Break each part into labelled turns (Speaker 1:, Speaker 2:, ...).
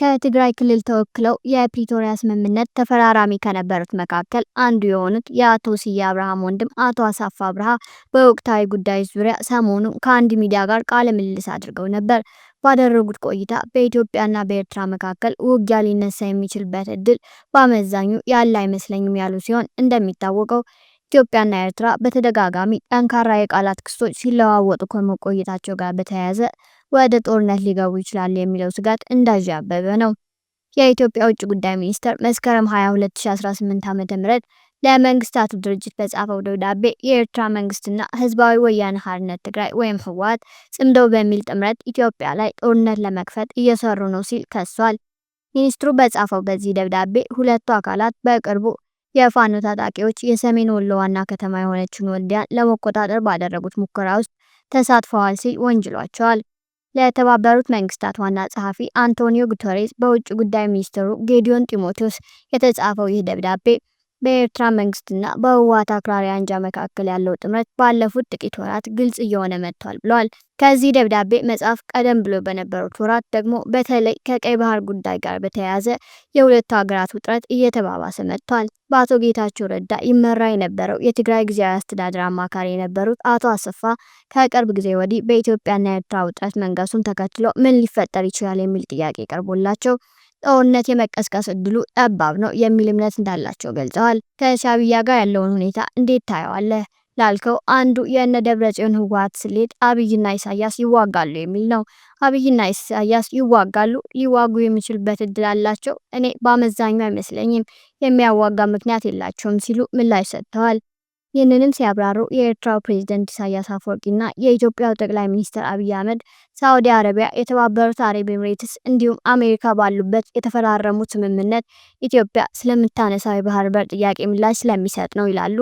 Speaker 1: ከትግራይ ክልል ተወክለው የፕሪቶሪያ ስምምነት ተፈራራሚ ከነበሩት መካከል አንዱ የሆኑት የአቶ ስዬ አብርሃም ወንድም አቶ አሳፋ አብርሃ በወቅታዊ ጉዳይ ዙሪያ ሰሞኑ ከአንድ ሚዲያ ጋር ቃለ ምልልስ አድርገው ነበር። ባደረጉት ቆይታ በኢትዮጵያና በኤርትራ መካከል ውጊያ ሊነሳ የሚችልበት እድል በአመዛኙ ያለ አይመስለኝም ያሉ ሲሆን እንደሚታወቀው ኢትዮጵያና ኤርትራ በተደጋጋሚ ጠንካራ የቃላት ክሶች ሲለዋወጡ ከመቆየታቸው ጋር በተያያዘ ወደ ጦርነት ሊገቡ ይችላሉ የሚለው ስጋት እንዳዣበበ ነው። የኢትዮጵያ ውጭ ጉዳይ ሚኒስቴር መስከረም 22 2018 ዓ.ም ለመንግስታቱ ድርጅት በጻፈው ደብዳቤ የኤርትራ መንግስትና ህዝባዊ ወያነ ሓርነት ትግራይ ወይም ህወሓት ጽምደው በሚል ጥምረት ኢትዮጵያ ላይ ጦርነት ለመክፈት እየሰሩ ነው ሲል ከሷል። ሚኒስትሩ በጻፈው በዚህ ደብዳቤ ሁለቱ አካላት በቅርቡ የፋኖ ታጣቂዎች የሰሜን ወሎ ዋና ከተማ የሆነችውን ወልዲያን ለመቆጣጠር ባደረጉት ሙከራ ውስጥ ተሳትፈዋል ሲል ወንጅሏቸዋል። ለተባበሩት መንግስታት ዋና ጸሐፊ አንቶኒዮ ጉተሬስ በውጭ ጉዳይ ሚኒስትሩ ጌዲዮን ጢሞቴዎስ የተጻፈው ይህ ደብዳቤ በኤርትራ መንግስትና በህወሓት አክራሪ አንጃ መካከል ያለው ጥምረት ባለፉት ጥቂት ወራት ግልጽ እየሆነ መጥቷል ብለዋል። ከዚህ ደብዳቤ መጽሐፍ ቀደም ብሎ በነበሩት ወራት ደግሞ በተለይ ከቀይ ባህር ጉዳይ ጋር በተያያዘ የሁለቱ ሀገራት ውጥረት እየተባባሰ መጥቷል። በአቶ ጌታቸው ረዳ ይመራ የነበረው የትግራይ ጊዜያዊ አስተዳደር አማካሪ የነበሩት አቶ አሰፋ ከቅርብ ጊዜ ወዲህ በኢትዮጵያና ኤርትራ ውጥረት መንገሱን ተከትሎ ምን ሊፈጠር ይችላል የሚል ጥያቄ ቀርቦላቸው ጦርነት የመቀስቀስ እድሉ ጠባብ ነው የሚል እምነት እንዳላቸው ገልጸዋል። ከሻቢያ ጋር ያለውን ሁኔታ እንዴት ታየዋለህ ላልከው አንዱ የእነ ጽዮን ህወሓት ስሌት አብይና ኢሳያስ ይዋጋሉ የሚል ነው። አብይና ኢሳያስ ይዋጋሉ፣ ሊዋጉ የሚችሉበት እድል አላቸው። እኔ በአመዛኙ አይመስለኝም፣ የሚያዋጋ ምክንያት የላቸውም ሲሉ ምላሽ ሰጥተዋል። ይህንንም ሲያብራሩ የኤርትራው ፕሬዝደንት ኢሳያስ አፈወርቂና የኢትዮጵያው ጠቅላይ ሚኒስትር አብይ አህመድ ሳዑዲ አረቢያ፣ የተባበሩት አረብ ኤምሬትስ እንዲሁም አሜሪካ ባሉበት የተፈራረሙት ስምምነት ኢትዮጵያ ስለምታነሳው የባህር በር ጥያቄ ምላሽ ስለሚሰጥ ነው ይላሉ።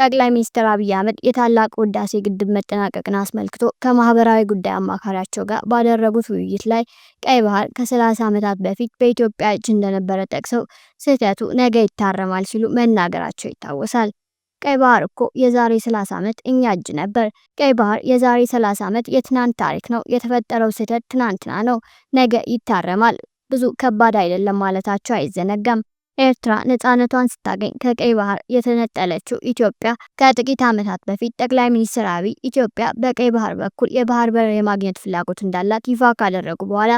Speaker 1: ጠቅላይ ሚኒስትር አብይ አህመድ የታላቁ ህዳሴ ግድብ መጠናቀቅን አስመልክቶ ከማህበራዊ ጉዳይ አማካሪያቸው ጋር ባደረጉት ውይይት ላይ ቀይ ባህር ከ30 ዓመታት በፊት በኢትዮጵያ እጅ እንደነበረ ጠቅሰው ስህተቱ ነገ ይታረማል ሲሉ መናገራቸው ይታወሳል። ቀይ ባህር እኮ የዛሬ 30 ዓመት እኛ እጅ ነበር። ቀይ ባህር የዛሬ 30 ዓመት የትናንት ታሪክ ነው። የተፈጠረው ስህተት ትናንትና ነው፣ ነገ ይታረማል። ብዙ ከባድ አይደለም ማለታቸው አይዘነጋም። ኤርትራ ነፃነቷን ስታገኝ ከቀይ ባህር የተነጠለችው ኢትዮጵያ ከጥቂት ዓመታት በፊት ጠቅላይ ሚኒስትር አብይ ኢትዮጵያ በቀይ ባህር በኩል የባህር በር የማግኘት ፍላጎት እንዳላት ይፋ ካደረጉ በኋላ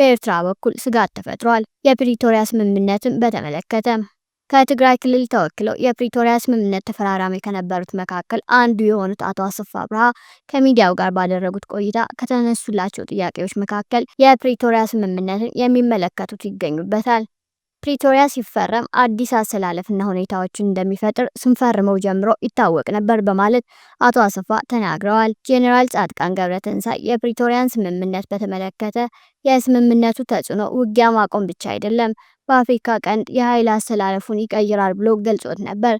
Speaker 1: በኤርትራ በኩል ስጋት ተፈጥሯል። የፕሪቶሪያ ስምምነትን በተመለከተ ከትግራይ ክልል ተወክለው የፕሪቶሪያ ስምምነት ተፈራራሚ ከነበሩት መካከል አንዱ የሆኑት አቶ አሰፋ አብርሃ ከሚዲያው ጋር ባደረጉት ቆይታ ከተነሱላቸው ጥያቄዎች መካከል የፕሪቶሪያ ስምምነትን የሚመለከቱት ይገኙበታል። ፕሪቶሪያ ሲፈረም አዲስ አሰላለፍና ሁኔታዎችን እንደሚፈጥር ስንፈርመው ጀምሮ ይታወቅ ነበር በማለት አቶ አሰፋ ተናግረዋል። ጄኔራል ጻድቃን ገብረትንሳኤ የፕሪቶሪያን ስምምነት በተመለከተ የስምምነቱ ተጽዕኖ ውጊያ ማቆም ብቻ አይደለም፣ በአፍሪካ ቀንድ የኃይል አሰላለፉን ይቀይራል ብሎ ገልጾት ነበር።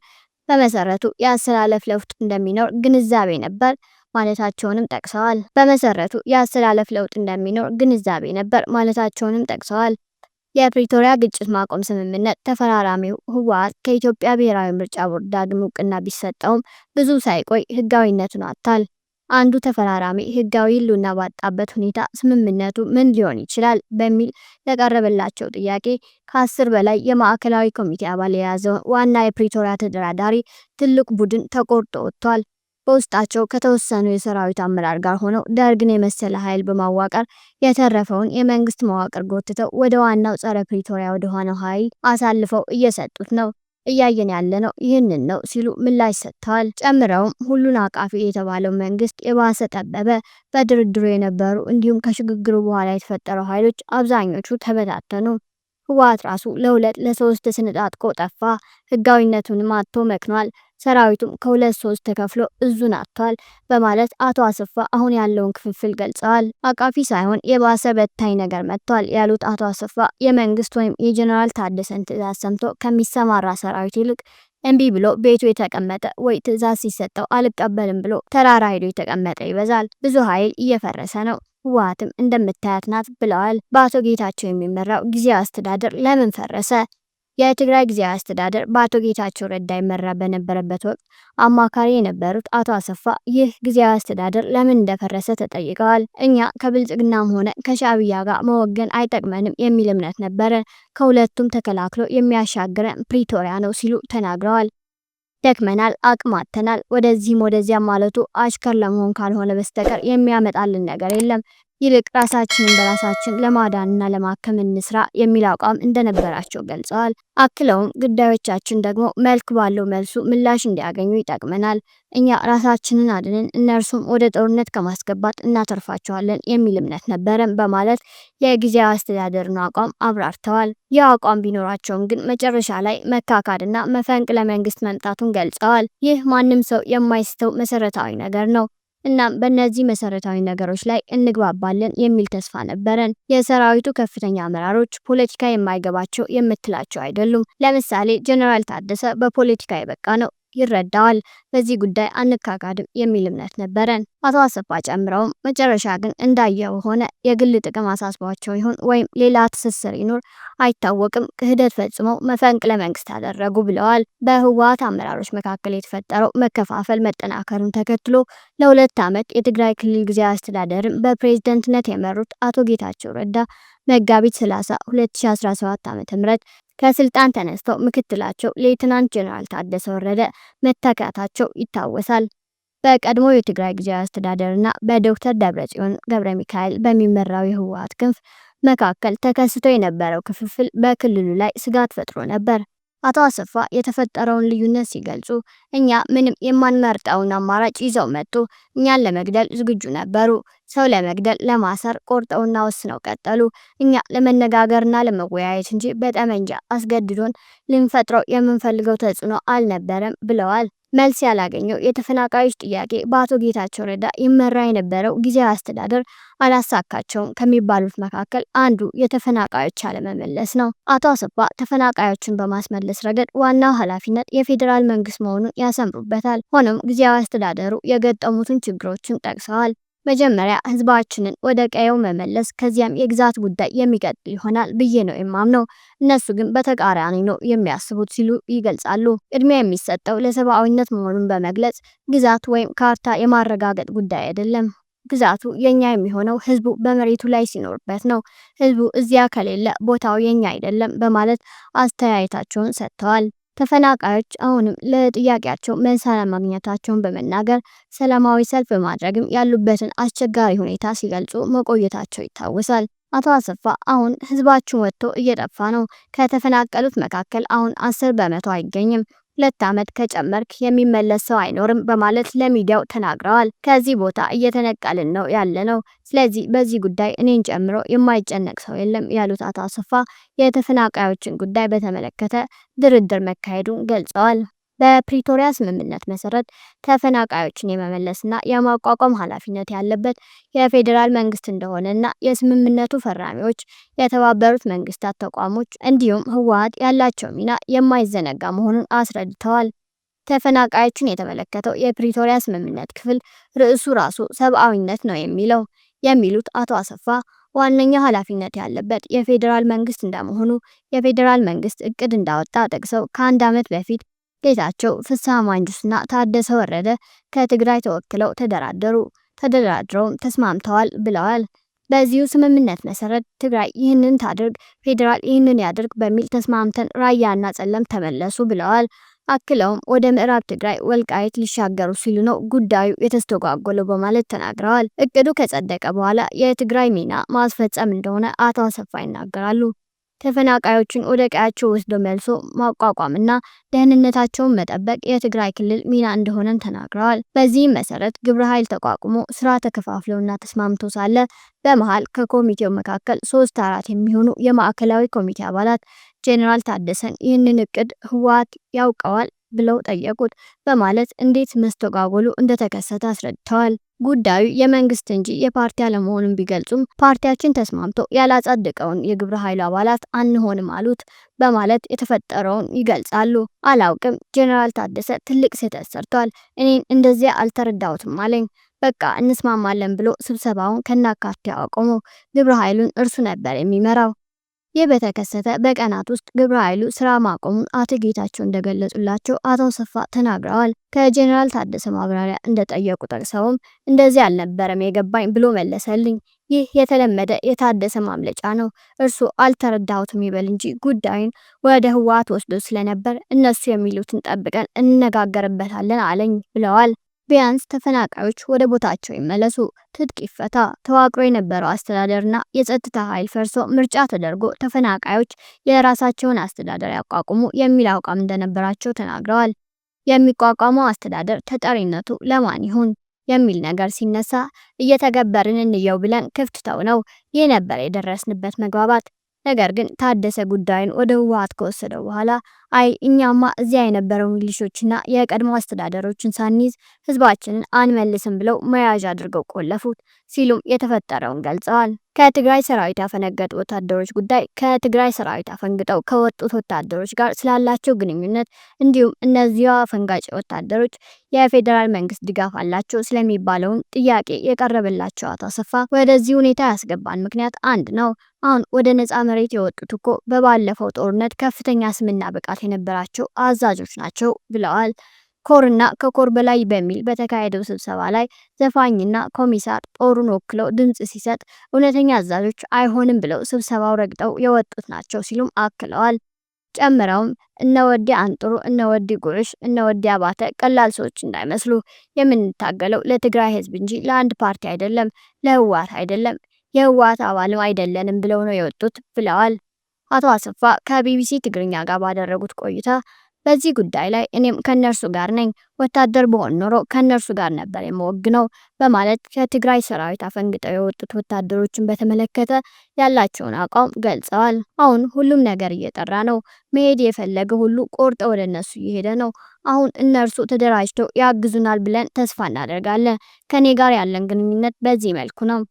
Speaker 1: በመሰረቱ የአሰላለፍ ለውጥ እንደሚኖር ግንዛቤ ነበር ማለታቸውንም ጠቅሰዋል። በመሰረቱ የአሰላለፍ ለውጥ እንደሚኖር ግንዛቤ ነበር ማለታቸውንም ጠቅሰዋል። የፕሪቶሪያ ግጭት ማቆም ስምምነት ተፈራራሚው ህወሓት ከኢትዮጵያ ብሔራዊ ምርጫ ቦርድ ዳግም እውቅና ቢሰጠውም ብዙ ሳይቆይ ህጋዊነቱን አጥቷል። አንዱ ተፈራራሚ ህጋዊ ህልውና ባጣበት ሁኔታ ስምምነቱ ምን ሊሆን ይችላል በሚል ለቀረበላቸው ጥያቄ ከአስር በላይ የማዕከላዊ ኮሚቴ አባል የያዘው ዋና የፕሪቶሪያ ተደራዳሪ ትልቅ ቡድን ተቆርጦ ወጥቷል። በውስጣቸው ከተወሰኑ የሰራዊት አመራር ጋር ሆነው ደርግን የመሰለ ኃይል በማዋቀር የተረፈውን የመንግስት መዋቅር ጎትተው ወደ ዋናው ጸረ ፕሪቶሪያ ወደሆነው ኃይል አሳልፈው እየሰጡት ነው እያየን ያለነው ይህንን ነው ሲሉ ምላሽ ሰጥተዋል። ጨምረውም ሁሉን አቃፊ የተባለው መንግስት የባሰ ጠበበ፣ በድርድሩ የነበሩ እንዲሁም ከሽግግሩ በኋላ የተፈጠረው ኃይሎች አብዛኞቹ ተበታተኑ፣ ህወሓት ራሱ ለሁለት ለሶስት ስንጣጥቆ ጠፋ፣ ህጋዊነቱን ማጥቶ መክኗል። ሰራዊቱም ከሁለት ሶስት ተከፍሎ እዙን አጥቷል በማለት አቶ አሰፋ አሁን ያለውን ክፍፍል ገልጸዋል። አቃፊ ሳይሆን የባሰ በታኝ ነገር መጥቷል ያሉት አቶ አሰፋ የመንግስት ወይም የጀኔራል ታደሰን ትእዛዝ ሰምቶ ከሚሰማራ ሰራዊት ይልቅ እምቢ ብሎ ቤቱ የተቀመጠ ወይ ትእዛዝ ሲሰጠው አልቀበልም ብሎ ተራራ ሄዶ የተቀመጠ ይበዛል። ብዙ ኃይል እየፈረሰ ነው። ህወሓትም እንደምታያት ናት ብለዋል። በአቶ ጌታቸው የሚመራው ጊዜያዊ አስተዳደር ለምን ፈረሰ? የትግራይ ጊዜያዊ አስተዳደር በአቶ ጌታቸው ረዳ ይመራ በነበረበት ወቅት አማካሪ የነበሩት አቶ አሰፋ ይህ ጊዜያዊ አስተዳደር ለምን እንደፈረሰ ተጠይቀዋል። እኛ ከብልጽግናም ሆነ ከሻዕቢያ ጋር መወገን አይጠቅመንም የሚል እምነት ነበረ። ከሁለቱም ተከላክሎ የሚያሻግረን ፕሪቶሪያ ነው ሲሉ ተናግረዋል። ደክመናል፣ አቅማተናል። ወደዚህም ወደዚያም ማለቱ አሽከር ለመሆን ካልሆነ በስተቀር የሚያመጣልን ነገር የለም። ይልቅ ራሳችንን በራሳችን ለማዳንና ለማከም እንስራ የሚል አቋም እንደነበራቸው ገልጸዋል። አክለውም ጉዳዮቻችን ደግሞ መልክ ባለው መልሱ ምላሽ እንዲያገኙ ይጠቅመናል፣ እኛ ራሳችንን አድንን፣ እነርሱም ወደ ጦርነት ከማስገባት እናተርፋቸዋለን የሚል እምነት ነበረን በማለት የጊዜያዊ አስተዳደርን አቋም አብራርተዋል። ይህ አቋም ቢኖራቸውም ግን መጨረሻ ላይ መካካድና መፈንቅለ መንግስት መምጣቱን ገልጸዋል። ይህ ማንም ሰው የማይስተው መሰረታዊ ነገር ነው። እናም በእነዚህ መሰረታዊ ነገሮች ላይ እንግባባለን የሚል ተስፋ ነበረን። የሰራዊቱ ከፍተኛ አመራሮች ፖለቲካ የማይገባቸው የምትላቸው አይደሉም። ለምሳሌ ጀነራል ታደሰ በፖለቲካ የበቃ ነው። ይረዳዋል። በዚህ ጉዳይ አንካካድም የሚል እምነት ነበረን። አቶ አሰፋ ጨምረውም መጨረሻ ግን እንዳየው ሆነ የግል ጥቅም አሳስቧቸው ይሆን ወይም ሌላ ትስስር ይኖር አይታወቅም፣ ክህደት ፈጽመው መፈንቅለ መንግስት አደረጉ ብለዋል። በህወሀት አመራሮች መካከል የተፈጠረው መከፋፈል መጠናከሩን ተከትሎ ለሁለት ዓመት የትግራይ ክልል ጊዜያዊ አስተዳደርም በፕሬዝደንትነት የመሩት አቶ ጌታቸው ረዳ መጋቢት 30 2017 ዓ.ም ከስልጣን ተነስተው ምክትላቸው ሌትናንት ጀነራል ታደሰ ወረደ መተካታቸው ይታወሳል። በቀድሞ የትግራይ ጊዜያዊ አስተዳደርና በዶክተር ደብረጽዮን ገብረ ሚካኤል በሚመራው የህወሀት ክንፍ መካከል ተከስቶ የነበረው ክፍፍል በክልሉ ላይ ስጋት ፈጥሮ ነበር። አቶ አሰፋ የተፈጠረውን ልዩነት ሲገልጹ እኛ ምንም የማንመርጠውን አማራጭ ይዘው መጡ፣ እኛን ለመግደል ዝግጁ ነበሩ። ሰው ለመግደል ለማሰር ቆርጠውና ወስነው ቀጠሉ። እኛ ለመነጋገርና ለመወያየት እንጂ በጠመንጃ አስገድዶን ልንፈጥረው የምንፈልገው ተጽዕኖ አልነበረም ብለዋል። መልስ ያላገኘው የተፈናቃዮች ጥያቄ በአቶ ጌታቸው ረዳ ይመራ የነበረው ጊዜያዊ አስተዳደር አላሳካቸውም ከሚባሉት መካከል አንዱ የተፈናቃዮች አለመመለስ ነው። አቶ አሰፋ ተፈናቃዮችን በማስመለስ ረገድ ዋናው ኃላፊነት የፌዴራል መንግስት መሆኑን ያሰምሩበታል። ሆኖም ጊዜያዊ አስተዳደሩ የገጠሙትን ችግሮችን ጠቅሰዋል። መጀመሪያ ህዝባችንን ወደ ቀየው መመለስ ከዚያም የግዛት ጉዳይ የሚቀጥል ይሆናል ብዬ ነው የማምነው። እነሱ ግን በተቃራኒ ነው የሚያስቡት ሲሉ ይገልጻሉ። ቅድሚያ የሚሰጠው ለሰብአዊነት መሆኑን በመግለጽ ግዛት ወይም ካርታ የማረጋገጥ ጉዳይ አይደለም። ግዛቱ የኛ የሚሆነው ህዝቡ በመሬቱ ላይ ሲኖርበት ነው። ህዝቡ እዚያ ከሌለ ቦታው የኛ አይደለም በማለት አስተያየታቸውን ሰጥተዋል። ተፈናቃዮች አሁንም ለጥያቄያቸው መልስ አለማግኘታቸውን በመናገር ሰላማዊ ሰልፍ በማድረግም ያሉበትን አስቸጋሪ ሁኔታ ሲገልጹ መቆየታቸው ይታወሳል። አቶ አሰፋ አሁን ህዝባችን ወጥቶ እየጠፋ ነው። ከተፈናቀሉት መካከል አሁን አስር በመቶ አይገኝም። ሁለት ዓመት ከጨመርክ የሚመለስ ሰው አይኖርም በማለት ለሚዲያው ተናግረዋል። ከዚህ ቦታ እየተነቀልን ነው ያለ ነው። ስለዚህ በዚህ ጉዳይ እኔን ጨምሮ የማይጨነቅ ሰው የለም ያሉት አቶ አሰፋ የተፈናቃዮችን ጉዳይ በተመለከተ ድርድር መካሄዱን ገልጸዋል። በፕሪቶሪያ ስምምነት መሰረት ተፈናቃዮችን የመመለስና የማቋቋም ኃላፊነት ያለበት የፌዴራል መንግስት እንደሆነ እና የስምምነቱ ፈራሚዎች የተባበሩት መንግስታት ተቋሞች እንዲሁም ህወሀት ያላቸው ሚና የማይዘነጋ መሆኑን አስረድተዋል። ተፈናቃዮችን የተመለከተው የፕሪቶሪያ ስምምነት ክፍል ርዕሱ ራሱ ሰብአዊነት ነው የሚለው የሚሉት አቶ አሰፋ ዋነኛ ኃላፊነት ያለበት የፌዴራል መንግስት እንደመሆኑ የፌዴራል መንግስት እቅድ እንዳወጣ ጠቅሰው ከአንድ ዓመት በፊት ጌታቸው ፍስሐ ማንጁስና ታደሰ ወረደ ከትግራይ ተወክለው ተደራደሩ። ተደራድረውም ተስማምተዋል ብለዋል። በዚሁ ስምምነት መሰረት ትግራይ ይህንን ታድርግ፣ ፌዴራል ይህንን ያድርግ በሚል ተስማምተን ራያና ጸለም ተመለሱ ብለዋል። አክለውም ወደ ምዕራብ ትግራይ ወልቃይት ሊሻገሩ ሲሉ ነው ጉዳዩ የተስተጓጎለው በማለት ተናግረዋል። እቅዱ ከጸደቀ በኋላ የትግራይ ሚና ማስፈጸም እንደሆነ አቶ አሰፋ ይናገራሉ። ተፈናቃዮችን ወደ ቀያቸው ወስዶ መልሶ ማቋቋምና ደህንነታቸውን መጠበቅ የትግራይ ክልል ሚና እንደሆነም ተናግረዋል። በዚህም መሰረት ግብረ ኃይል ተቋቁሞ ስራ ተከፋፍለውና ተስማምቶ ሳለ በመሀል ከኮሚቴው መካከል ሶስት አራት የሚሆኑ የማዕከላዊ ኮሚቴ አባላት ጄኔራል ታደሰን ይህንን እቅድ ህወሓት ያውቀዋል ብለው ጠየቁት በማለት እንዴት መስተጓጎሉ እንደተከሰተ አስረድተዋል። ጉዳዩ የመንግስት እንጂ የፓርቲ አለመሆኑን ቢገልጹም ፓርቲያችን ተስማምቶ ያላጸደቀውን የግብረ ኃይሉ አባላት አንሆንም አሉት በማለት የተፈጠረውን ይገልጻሉ። አላውቅም፣ ጄኔራል ታደሰ ትልቅ ስህተት ሰርቷል። እኔን እንደዚያ አልተረዳሁትም አለኝ። በቃ እንስማማለን ብሎ ስብሰባውን ከናካቴ አቆመው። ግብረ ኃይሉን እርሱ ነበር የሚመራው። ይህ በተከሰተ በቀናት ውስጥ ግብረ ኃይሉ ስራ ማቆሙን አቶ ጌታቸው እንደገለጹላቸው አቶ ሰፋ ተናግረዋል። ከጄኔራል ታደሰ ማብራሪያ እንደጠየቁ ጠቅሰውም እንደዚህ አልነበረም የገባኝ ብሎ መለሰልኝ። ይህ የተለመደ የታደሰ ማምለጫ ነው። እርሱ አልተረዳሁትም ይበል እንጂ ጉዳዩን ወደ ህወሓት ወስዶ ስለነበር እነሱ የሚሉትን ጠብቀን እንነጋገርበታለን አለኝ ብለዋል። ቢያንስ ተፈናቃዮች ወደ ቦታቸው ይመለሱ፣ ትጥቅ ይፈታ፣ ተዋቅሮ የነበረው አስተዳደርና የጸጥታ ኃይል ፈርሶ ምርጫ ተደርጎ ተፈናቃዮች የራሳቸውን አስተዳደር ያቋቁሙ የሚል አቋም እንደነበራቸው ተናግረዋል። የሚቋቋመው አስተዳደር ተጠሪነቱ ለማን ይሁን የሚል ነገር ሲነሳ እየተገበርን እንየው ብለን ክፍት ተው ነው። ይህ ነበር የደረስንበት መግባባት። ነገር ግን ታደሰ ጉዳይን ወደ ህወሓት ከወሰደው በኋላ አይ እኛማ እዚያ የነበረው ሚሊሾችና የቀድሞ አስተዳደሮችን ሳንይዝ ህዝባችንን አንመልስም ብለው መያዣ አድርገው ቆለፉት ሲሉም የተፈጠረውን ገልጸዋል። ከትግራይ ሰራዊት ያፈነገጡ ወታደሮች ጉዳይ ከትግራይ ሰራዊት አፈንግጠው ከወጡት ወታደሮች ጋር ስላላቸው ግንኙነት እንዲሁም እነዚያ አፈንጋጭ ወታደሮች የፌዴራል መንግስት ድጋፍ አላቸው ስለሚባለውን ጥያቄ የቀረበላቸው አቶ አሰፋ ወደዚህ ሁኔታ ያስገባን ምክንያት አንድ ነው። አሁን ወደ ነፃ መሬት የወጡት እኮ በባለፈው ጦርነት ከፍተኛ ስምና ብቃት የነበራቸው አዛዦች ናቸው ብለዋል። ኮርና ከኮር በላይ በሚል በተካሄደው ስብሰባ ላይ ዘፋኝና ኮሚሳር ጦሩን ወክለው ድምፅ ሲሰጥ እውነተኛ አዛዦች አይሆንም ብለው ስብሰባው ረግጠው የወጡት ናቸው ሲሉም አክለዋል። ጨምረውም እነ ወዲ አንጥሩ፣ እነ ወዲ ጉዕሽ፣ እነ ወዲ አባተ ቀላል ሰዎች እንዳይመስሉ የምንታገለው ለትግራይ ህዝብ እንጂ ለአንድ ፓርቲ አይደለም፣ ለህወሓት አይደለም፣ የህወሓት አባልም አይደለንም ብለው ነው የወጡት ብለዋል። አቶ አሰፋ ከቢቢሲ ትግርኛ ጋር ባደረጉት ቆይታ በዚህ ጉዳይ ላይ እኔም ከነርሱ ጋር ነኝ፣ ወታደር በሆን ኖሮ ከነርሱ ጋር ነበር የመወግነው በማለት ከትግራይ ሰራዊት አፈንግጠው የወጡት ወታደሮችን በተመለከተ ያላቸውን አቋም ገልጸዋል። አሁን ሁሉም ነገር እየጠራ ነው። መሄድ የፈለገ ሁሉ ቆርጠ ወደ እነሱ እየሄደ ነው። አሁን እነርሱ ተደራጅተው ያግዙናል ብለን ተስፋ እናደርጋለን። ከኔ ጋር ያለን ግንኙነት በዚህ መልኩ ነው።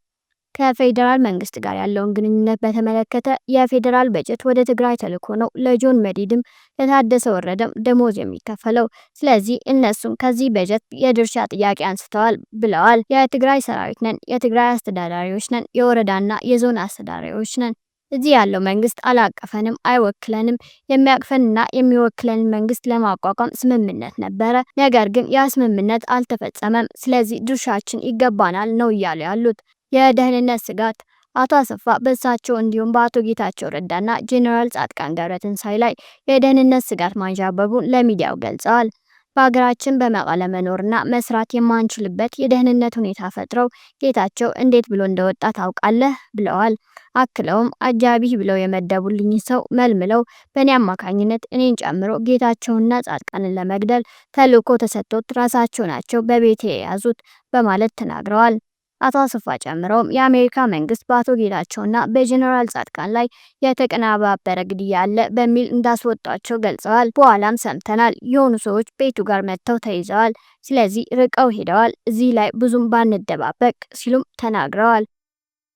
Speaker 1: ከፌዴራል መንግስት ጋር ያለውን ግንኙነት በተመለከተ የፌዴራል በጀት ወደ ትግራይ ተልኮ ነው ለጆን መዲድም ለታደሰ ወረደም ደሞዝ የሚከፈለው። ስለዚህ እነሱም ከዚህ በጀት የድርሻ ጥያቄ አንስተዋል ብለዋል። የትግራይ ሰራዊት ነን፣ የትግራይ አስተዳዳሪዎች ነን፣ የወረዳና የዞን አስተዳዳሪዎች ነን። እዚህ ያለው መንግስት አላቀፈንም፣ አይወክለንም። የሚያቅፈንና የሚወክለን መንግስት ለማቋቋም ስምምነት ነበረ። ነገር ግን ያ ስምምነት አልተፈጸመም። ስለዚህ ድርሻችን ይገባናል ነው እያሉ ያሉት። የደህንነት ስጋት አቶ አሰፋ በእሳቸው እንዲሁም በአቶ ጌታቸው ረዳና ጄኔራል ጻድቃን ገብረትንሳኤ ላይ የደህንነት ስጋት ማንዣበቡን ለሚዲያው ገልጸዋል። በሀገራችን በመቀለ መኖርና መስራት የማንችልበት የደህንነት ሁኔታ ፈጥረው ጌታቸው እንዴት ብሎ እንደወጣ ታውቃለህ ብለዋል። አክለውም አጃቢህ ብለው የመደቡልኝ ሰው መልምለው በእኔ አማካኝነት እኔን ጨምሮ ጌታቸውንና ጻድቃንን ለመግደል ተልኮ ተሰጥቶት ራሳቸው ናቸው በቤቴ የያዙት በማለት ተናግረዋል። አቶ አስፋ ጨምረውም የአሜሪካ መንግስት በአቶ ጌታቸውና በጀኔራል ጻድቃን ላይ የተቀነባበረ ግድያ አለ በሚል እንዳስወጣቸው ገልጸዋል። በኋላም ሰምተናል የሆኑ ሰዎች ቤቱ ጋር መጥተው ተይዘዋል። ስለዚህ ርቀው ሄደዋል። እዚህ ላይ ብዙም ባንደባበቅ ሲሉም ተናግረዋል።